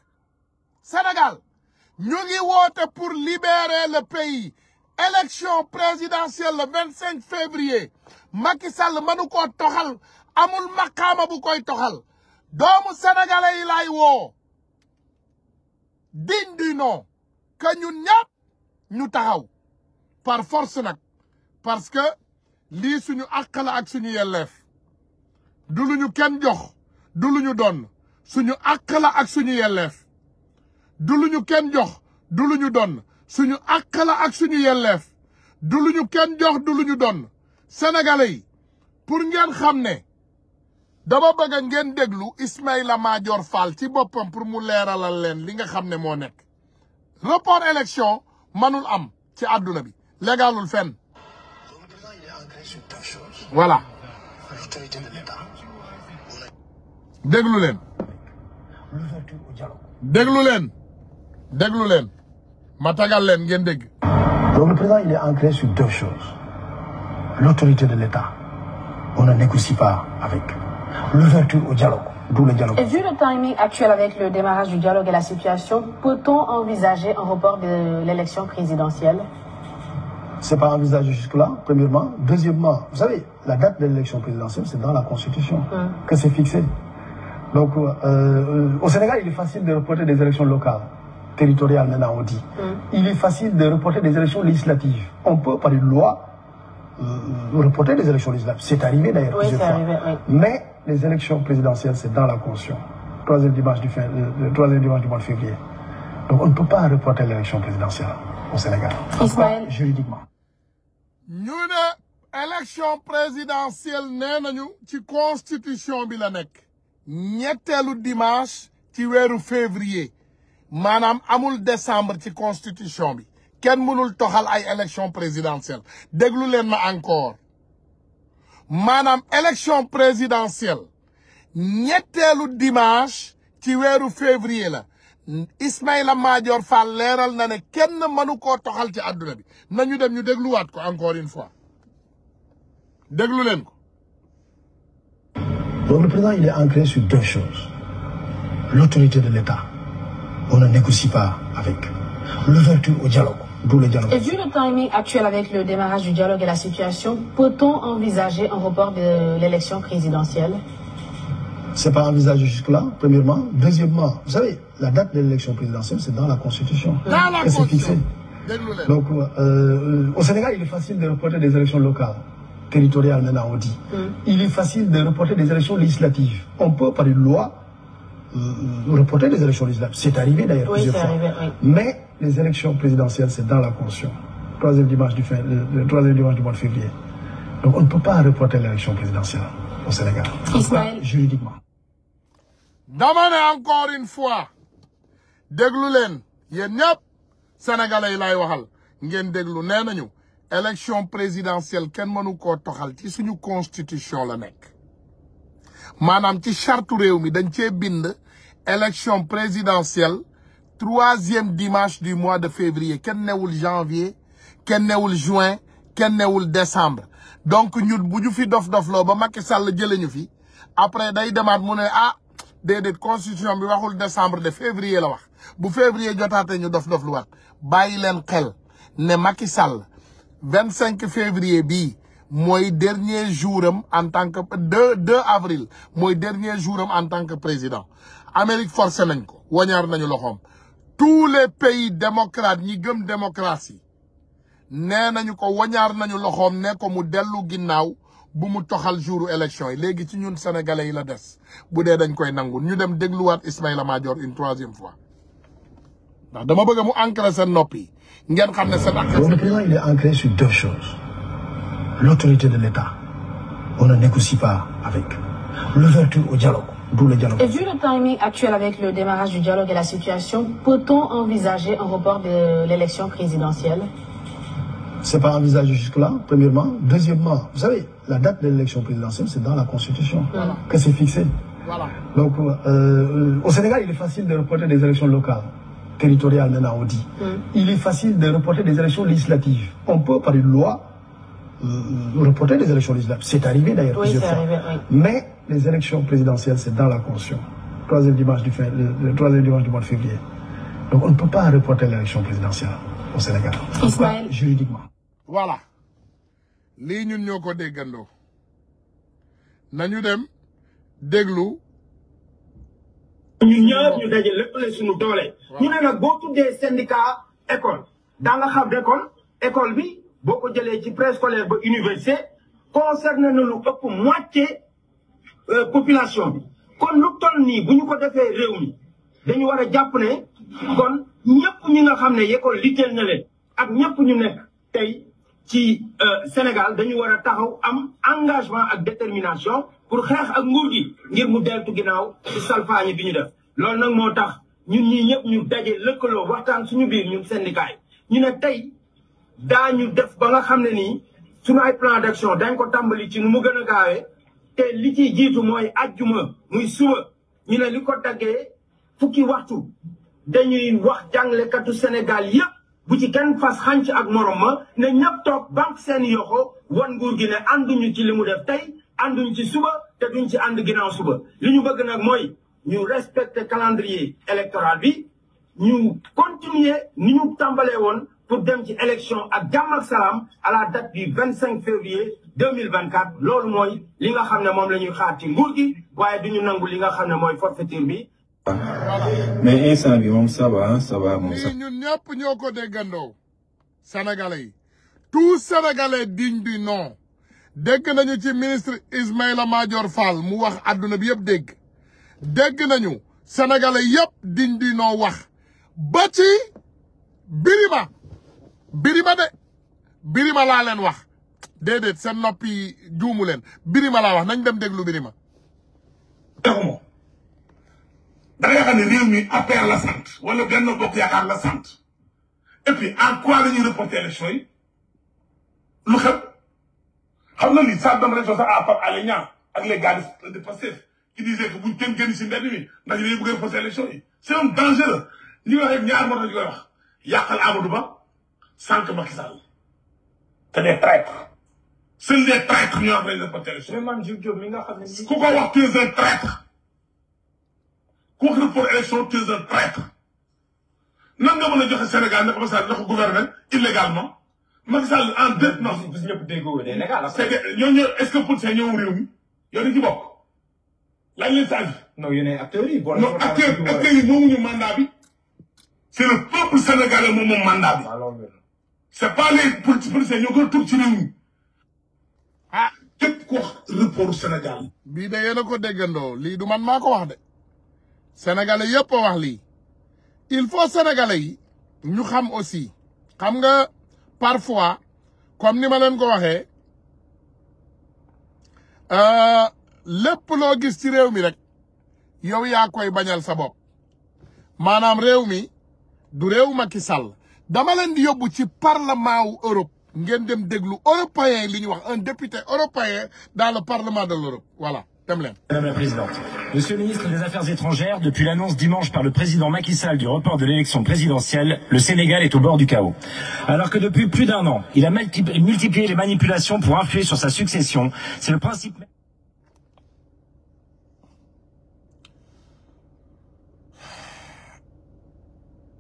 Sénégal ñu ngi woote pour libérer le pays élection présidentielle le vingt cinq février Macky Sall mënu koo toxal amul maqaama bu koy toxal doomu sénégalais yi laay woo digne du nom que ñun ñëpp ñu taxaw par force nag parce que li suñu àq la ak suñu yelleef du lu ñu kenn jox du lu ñu doon suñu àq la ak suñu yelleef du lu kenn jox du lu ñu donn suñu ak la ak suñu yelleef du lu ñu kenn jox du lu ñu donn sénégalais pour ngeen xam ne dama bëgg ngeen déglu Ismaïla Madior Fall ci boppam pour mu leeralal leen li nga xam ne moo nekk report élection manul am ci àdduna bi légalul fenn voilà déglu leen déglu leen déglu leen ma tagal leen ngeen dégg. donc le président il est ancré sur deux choses l'autorité de l'État on ne négocie pas avec l'ouverture au dialogue d'où le dialogue. Et vu le démarrage du la situation peut-on envisager un report de l'élection présidentielle. c'est pas envisagé jusque deuxièmement vous la date de l'élection présidentielle c'est dans la constitution. Mm. que c'est fixé donc euh, euh, au Sénégal il est facile de reporter des élections locales. territoriale maintenant on dit. Mm. Il est facile de reporter des élections législatives. On peut, par une loi, euh, reporter des élections législatives. C'est arrivé d'ailleurs oui, plusieurs fois. Mais les élections présidentielles, c'est dans la Constitution. Troisième dimanche du fin, euh, le euh, troisième dimanche du mois de février. on ne peut pas reporter l'élection présidentielle au Sénégal. Ismaël. Pas juridiquement. ñu ne élection présidentielle nee nañu ci constitution bi la nekk ñetteelu dimanche ci weeru février maanaam amul décembre ci constitution bi kenn mënul toxal ay élection présidentielle déglu leen ma encore maanaam élection présidentielle ñetteelu dimanche ci weeru février la Ismaïla Madior Fall leeral na ne kenn mënu koo toxal ci àdduna bi nañu dem ñu dégluwaat ko encore une fois déglu leen ko donc le président il de l'État on ne négocie pas avec. L'ouverture au dialogue, d'où le dialogue. Et vu le avec le démarrage du dialogue et la situation, peut-on envisager un report de l'élection présidentielle C'est pas envisagé la date de la Constitution. Dans Donc, euh, au Sénégal, il est facile de reporter des élections locales territoriales maintenant hmm. Il est facile de reporter des élections législatives. On peut, par une loi, reporter les élections législatives. Mais les élections présidentielles, c'est la Constitution. Troisième dimanche du fin, le, euh, le troisième dimanche du mois de février. Donc on ne peut pas reporter l'élection présidentielle juridiquement. dama encore une fois déglu leen yéen ñëpp sénégalais yi laay waxal ngeen déglu nee nañu élection présidentielle kenn mënu koo toxal ci suñu constitution la nekk. maanaam ci charte réew mi dañ cee bind élection présidentielle troisième dimanche du mois de février kenn newul janvier kenn newul juin kenn newul décembre donc ñun bu ñu fi dof-dofloo ba Macky Sall jëlee ñu fi après day demaat mu ne ah déedéet constitution bi waxul décembre de février la wax bu février jotaatee ñu dof-dofluwaat dof bàyyi leen xel ne Macky Sall 25 février bii mooy dernier jour am en tant que 2 2 avril mooy dernier jour am en tant que président Amérique forcé nañ ko wañaar nañu loxoom tous les pays démocrates ñi gëm yi nee nañu ko wañaar nañu loxoom ne ko mu dellu ginnaaw bu mu toxal jouru élection yi léegi ci ñun sénégalais yi la des bu dee dañ koy nangu ñu dem dégluwaat Ismaïla Madior une troisième fois ndax dama bëgg mu ancré seen nopp yi ngeen xam ne seen ancré. sur deux choses. l'autorité de l'État, on ne négocie pas avec. L'ouverture au dialogue, d'où le dialogue. Et vu le timing actuel démarrage du et la situation, peut-on envisager un report de l'élection présidentielle c'est pas envisagé jusque-là, premièrement. la de l'élection présidentielle, c'est dans la Constitution voilà. que c'est Donc, euh, euh, au Sénégal, il est facile de reporter des élections locales, territoriales maintenant, on dit. Hmm. Il est facile de reporter des élections législatives. On par une loi, Euh, reporter les élections législatives. C'est arrivé d'ailleurs oui, plusieurs fois. Arrivé, oui. Mais les élections présidentielles, c'est dans la Constitution. Troisième dimanche du, le, le troisième dimanche du mois de février. Donc on ne peut pas reporter l'élection présidentielle au Sénégal. Ismaël. Juridiquement. Voilà. lii ñun ñoo ko déggandoo nañu dem déglu. ñun ñëpp ñu daje lépp la suñu doole. ñu ne nag boo tuddee syndicat école. daa nga xam ne kon école bi. boo ko jëlee ci préscolaire ba université concerne na lu ëpp moitié euh, population bi kon lu toll nii bu ñu ko defee réew mi dañu war a jàpp ne kon ñëpp ñi nga xam ne école litteel na leen ak ñëpp ñu nekk tey ci euh, Sénégal dañu war a taxaw am engagement ak détermination pour xeex ak nguur gi ngir mu deltu ginnaaw ci salfaañi bi ñu def loolu nag moo tax ñun ñii ñëpp ñu daje lëkkaloo waxtaan suñu biir ñun syndicat yi ñu ne tey ñu def ba nga xam ne ni suñu ay plan d'action dañ ko tàmbali ci nu mu gën a gaawee te li ci jiitu mooy ajjuma muy suba ñu ne li ko daggee fukki waxtu dañuy wax jànglekatu Sénégal yëpp bu ci kenn fas xànc ak morom ma ne ñëpp toog banque seen yoxo wan nguur gi ne ànduñu ci li mu def tey ànduñu ci suba te duñ ci ànd ginnaaw suba li ñu bëgg nag mooy ñu respecter calendrier électoral bi ñu continuer ni ñu tàmbalee woon pour dem ci élection ak jàmm ak salaam à la date du vingt cinq février deux mille vingt quatre loolu mooy li nga xam ne moom la ñuy xaar ci nguur gi waaye du ñu nangu li nga xam ne mooy forfaiture bi. mais instant bi moom ça va ça va moom ça. ñun ñëpp ñoo ko déggandoo. sénégalais yi tout sénégalais digne du nom dégg nañu ci ministre Ismaïla Madior Fall mu wax àdduna bi yëpp dégg dégg nañu sénégalais yëpp digne du nom wax ba ci Birima. birima de birima laa leen wax déedéet se noppi juumu leen birima laa wax nañ dem déglu birima. déglu da ngay xam ne réew mi APR la sant wala benn bokk yaakaar la sant et en quoi la ñuy reporter élection yi lu xew xam na ni saa dama région sax à Pape Alé Niang ak les gars de Pastef qui disaient que buñ kenn génn si mbedd mi ndax dañuy bëgg a reporter élection yi c'est un dangereux ñu ngi wax ñaar mot la ñu wax yàqal Amadou Ba. sànq Macky Sall te les traîtres ñoo am nga xam ne. ku ko wax tu un traître ku ko pour élection tu es un traître nan nga mën a joxe Sénégal ne ko Macky Sall jox ko gouvernement illégalement Macky en deux non. bis ñëpp déggoo day légal. c' est ce que pour seen ñoom réew mi yow dañu ci bokk laaj leen saa non yéen acteurs yi. mandat bi. c' le peuple sénégalais moom moom mandat bi. c'est pas les policiers ñoo gën a toog ci réew mi ah képp ku wax report Sénégal. bii de yéen a ko déggandoo lii du man maa ko wax de sénégalais yëpp a wax lii il faut sénégalais yi ñu xam aussi xam nga parfois comme ni ma leen ko waxee euh, lépp loo gis ci réew mi rek yow yaa koy bañal sa bopp maanaam réew mi du réew Macky Sall dama leen di ci parlement wu ngeen dem déglu européen li ñu wax un député européen dans le parlement de l'Europe Madame la présidente monsieur le ministre des affaires étrangères depuis l'annonce dimanche par le président Macky du report de l'élection présidentielle le Sénégal est au bord du chaos. alors que depuis plus d'un an il a multiplié les manipulations pour influer sur sa succession c'est le principe.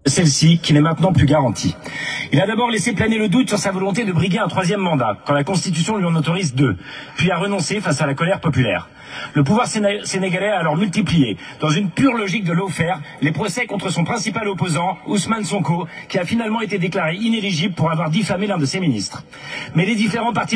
celle-ci qui n'est maintenant plus garantie. Il a d'abord laissé planer le doute sur sa volonté de briguer un troisième mandat, quand la Constitution lui en autorise deux, puis a renoncé face à la colère populaire. Le pouvoir sénégalais a alors multiplié, dans une pure logique de l'offert, les procès contre son principal opposant, Ousmane Sonko, qui a finalement été déclaré inéligible pour avoir diffamé l'un de ses ministres. Mais les différents partis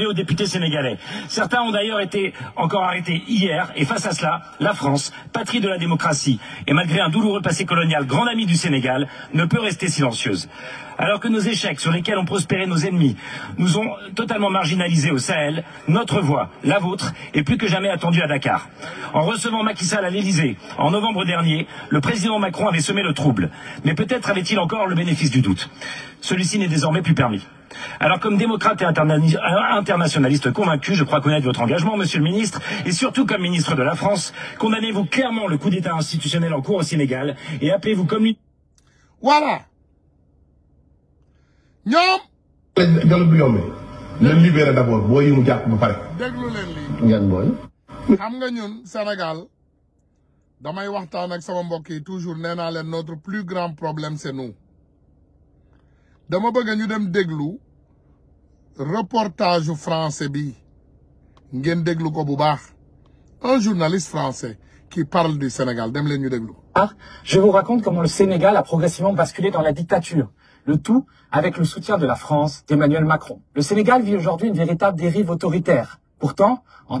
arriver aux députés sénégalais. Certains ont d'ailleurs été encore arrêtés hier, et face à cela, la France, patrie de la démocratie, et malgré un douloureux passé colonial, grand ami du Sénégal, ne peut rester silencieuse. Alors que nos échecs, sur lesquels ont prospéré nos ennemis, nous ont totalement marginalisés au Sahel, notre voix, la vôtre, est plus que jamais attendue à Dakar. En recevant Macky à l'Elysée, en novembre dernier, le président Macron Alors comme démocrate et interna euh, internationaliste convaincu, je crois connaître votre engagement, monsieur le ministre, et surtout comme ministre de la France, condamnez-vous clairement le coup d'État institutionnel en cours au Sénégal et appelez comme... Voilà. ñoom. jalo bu yombee. na libéré d'abord boo yi mu jàpp ba pare. déglu leen lii. ngeen booy. xam nga ñun Sénégal sama mbokk yi toujours nee naa leen notre plus grand problème c'est dama bëgg ñu dem déglu reportage français bi ngeen déglu ko bu baax un journaliste français qui parle du Sénégal dem leen ñu déglu je vous raconte comment le Sénégal a progressivement basculé dans la dictature le tout avec le soutien de la France d'Emmanuel Macron le Sénégal vit aujourd'hui une véritable dérive autoritaire pourtant en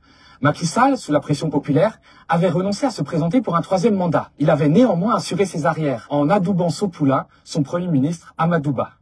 Macky Sall, sous la pression populaire, avait renoncé à se présenter pour un troisième mandat. Il avait néanmoins assuré ses arrières en adoubant Sopoula, son premier ministre, Amadouba.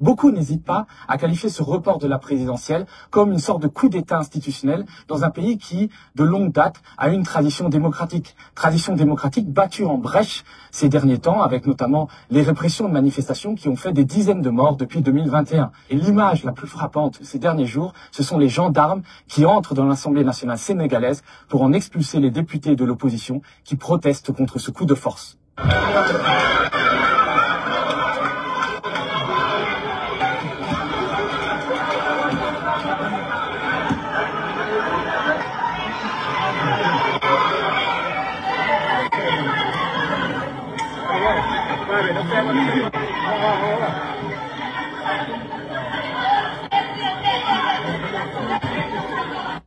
Beaucoup n'hésitent pas à qualifier ce report de la présidentielle comme une sorte de coup d'État institutionnel dans un pays qui, de longue date, a une tradition démocratique. Tradition démocratique battue en brèche ces derniers temps, avec notamment les répressions de manifestations qui ont fait des dizaines de morts depuis Et l'image la plus frappante ces derniers jours, ce sont les gendarmes qui entrent dans l'Assemblée nationale sénégalaise pour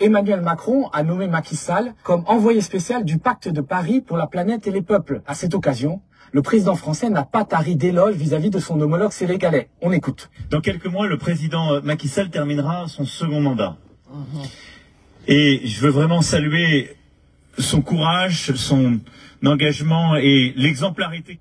Emmanuel Macron a nommé Macky Sall comme envoyé spécial du pacte de Paris pour la planète et les peuples. À cette occasion, le président français n'a pas tari d'éloges vis-à-vis de son homologue sénégalais. On écoute. Dans quelques mois, le président euh, Macky terminera son second mandat. Uh-huh. Et je veux vraiment saluer son courage, son engagement et l'exemplarité.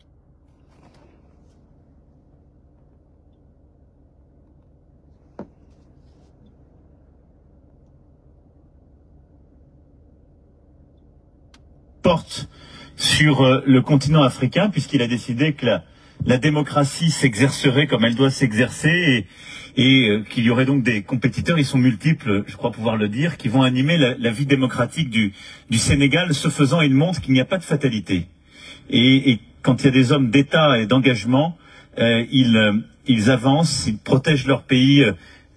porte sur euh, le continent africain, puisqu'il a décidé que la, la démocratie s'exercerait comme elle doit s'exercer et, et euh, qu'il y aurait donc des compétiteurs, ils sont multiples, je crois pouvoir le dire, qui vont animer la, la vie démocratique du, Sénégal. Ce faisant, ils montrent qu'il n'y a pas de fatalité. Et, et, quand il y a des hommes d'État et d'engagement, euh, ils, euh, ils avancent, ils protègent leur pays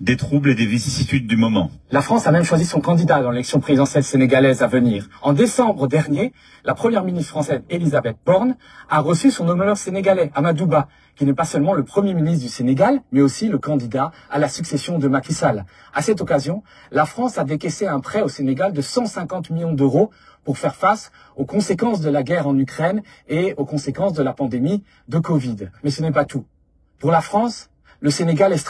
des troubles et des vicissitudes du moment. La France a même choisi son candidat dans l'élection présidentielle sénégalaise à venir. En décembre dernier, la première ministre française Elisabeth Borne a reçu son homologue sénégalais Amadouba, qui n'est pas seulement le premier ministre du Sénégal, mais aussi le candidat à la succession de Macky À cette occasion, la France a décaissé un prêt au Sénégal de 150 millions d'euros pour faire face aux conséquences de la guerre en de la pandémie de Covid. Mais ce n'est pas tout. Sénégal est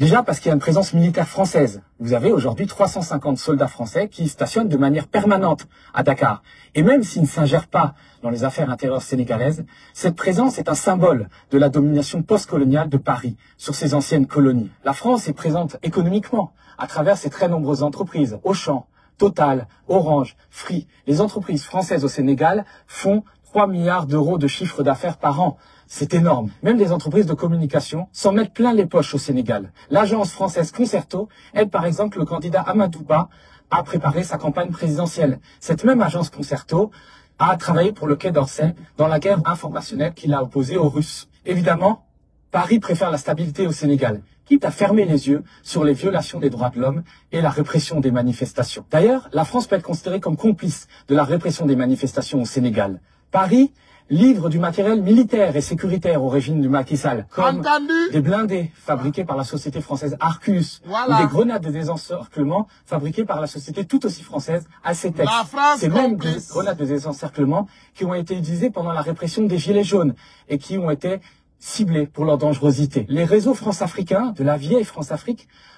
Déjà parce qu'il y a une présence militaire française. Vous avez aujourd'hui 350 soldats français qui stationnent de manière permanente à Dakar. Et même s'ils ne s'ingèrent pas dans les affaires intérieures sénégalaises, cette présence est un symbole de la domination postcoloniale de Paris sur ses anciennes colonies. La France est présente économiquement à travers ses très nombreuses entreprises, Auchan, Total, Orange, Free. Les entreprises françaises au C'est énorme. Même les entreprises de communication s'en mettent plein les poches au Sénégal. L'agence française Concerto aide par exemple le candidat Amadouba à préparer sa campagne présidentielle. Cette même agence Concerto a travaillé pour le Quai d'Orsay dans la guerre informationnelle qu'il a opposée aux Russes. Évidemment, Paris préfère la stabilité au Sénégal, quitte à fermer les yeux sur les violations des droits de l'homme et la répression des livre du matériel militaire et sécuritaire au régime du Macky Sall, comme Entendu. des blindés fabriqués par la société française Arcus, ou des grenades de désencerclement fabriquées par la société tout aussi française Acetec. E C'est même des grenades de désencerclement qui ont été utilisées pendant la répression des Gilets jaunes et qui ont été ciblées pour leur dangerosité. Les réseaux France-Africains, de la vieille france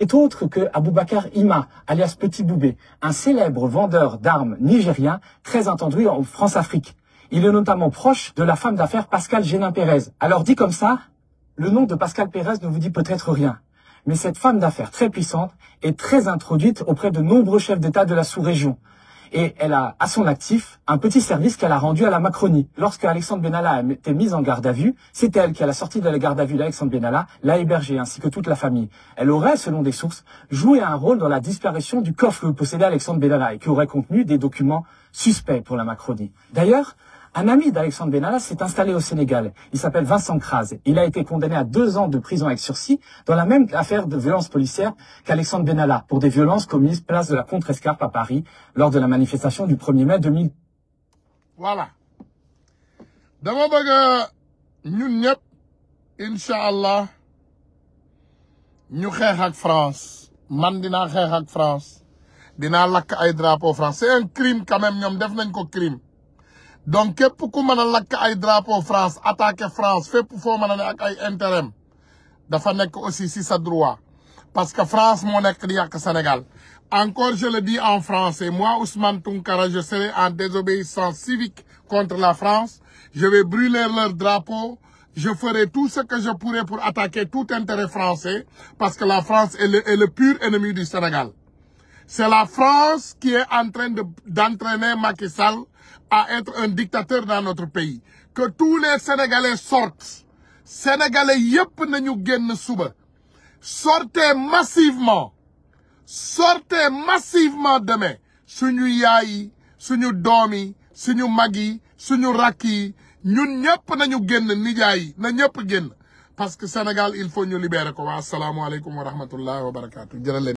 est autre que Aboubacar Ima, alias Petit Boubé, un célèbre vendeur d'armes nigérien très entendu en France-Afrique. Il est notamment proche de la femme d'affaires Pascal Génin Pérez. Alors dit comme ça, le nom de Pascal Pérez ne vous dit peut-être rien. Mais cette femme d'affaires très puissante est très introduite auprès de nombreux chefs d'État de la sous-région. et elle a à son actif un petit service qu'elle a rendu à la Macronie. Lorsque Alexandre a été mise en garde à vue, c'était elle qui, à la de la garde à vue d'Alexandre Benalla, l'a hébergée, ainsi que toute la famille. Elle aurait, selon des sources, joué un rôle dans la disparition du coffre que possédait Alexandre Benalla et qui aurait contenu des documents suspects pour la Macronie. D'ailleurs, Un ami d'Alexandre Benalla s'est installé au Sénégal. Il s'appelle Vincent Crase. Il a été condamné à deux ans de prison avec sursis dans la même affaire de violence policière qu'Alexandre Benalla pour des violences commises place de la Contrescarpe à Paris lors de la manifestation du 1er mai 2000. Voilà. dama bëgg ñun ñëpp allah ñu xeex France man dinaa xeex France dinaa lakk ay drapeau France c'est un crime quand même ñoom def nañ ko crime donc képp ku mën a lakk ay drapeau France attaque France fépp foo mën a ne ak ay intérêt dafa nekk aussi si sa droit parce que France moo nekk di yàq Sénégal encore je le dis en français moi Ousmane Tounkara je serai en désobéissance civique contre la France je vais brûler leur drapeau je ferai tout ce que je pourrai pour attaquer tout intérêt français parce que la France est le, est le pur ennemi du Sénégal c'est la France qui est en train de à être un dictateur dans notre pays que tout les sénégalais sortent sénégalais yépp nañu génn suba sortez massivement sortez massivement demain suñu yaay yi suñu doom yi suñu mag yi suñu rakk yi ñun ñëpp nañu génn nijaay yi na ñëpp génn parce que Sénégal il faut ñu libérer ko waa asalaamualeykum wa rahmatullah wa barakaatu jërë leen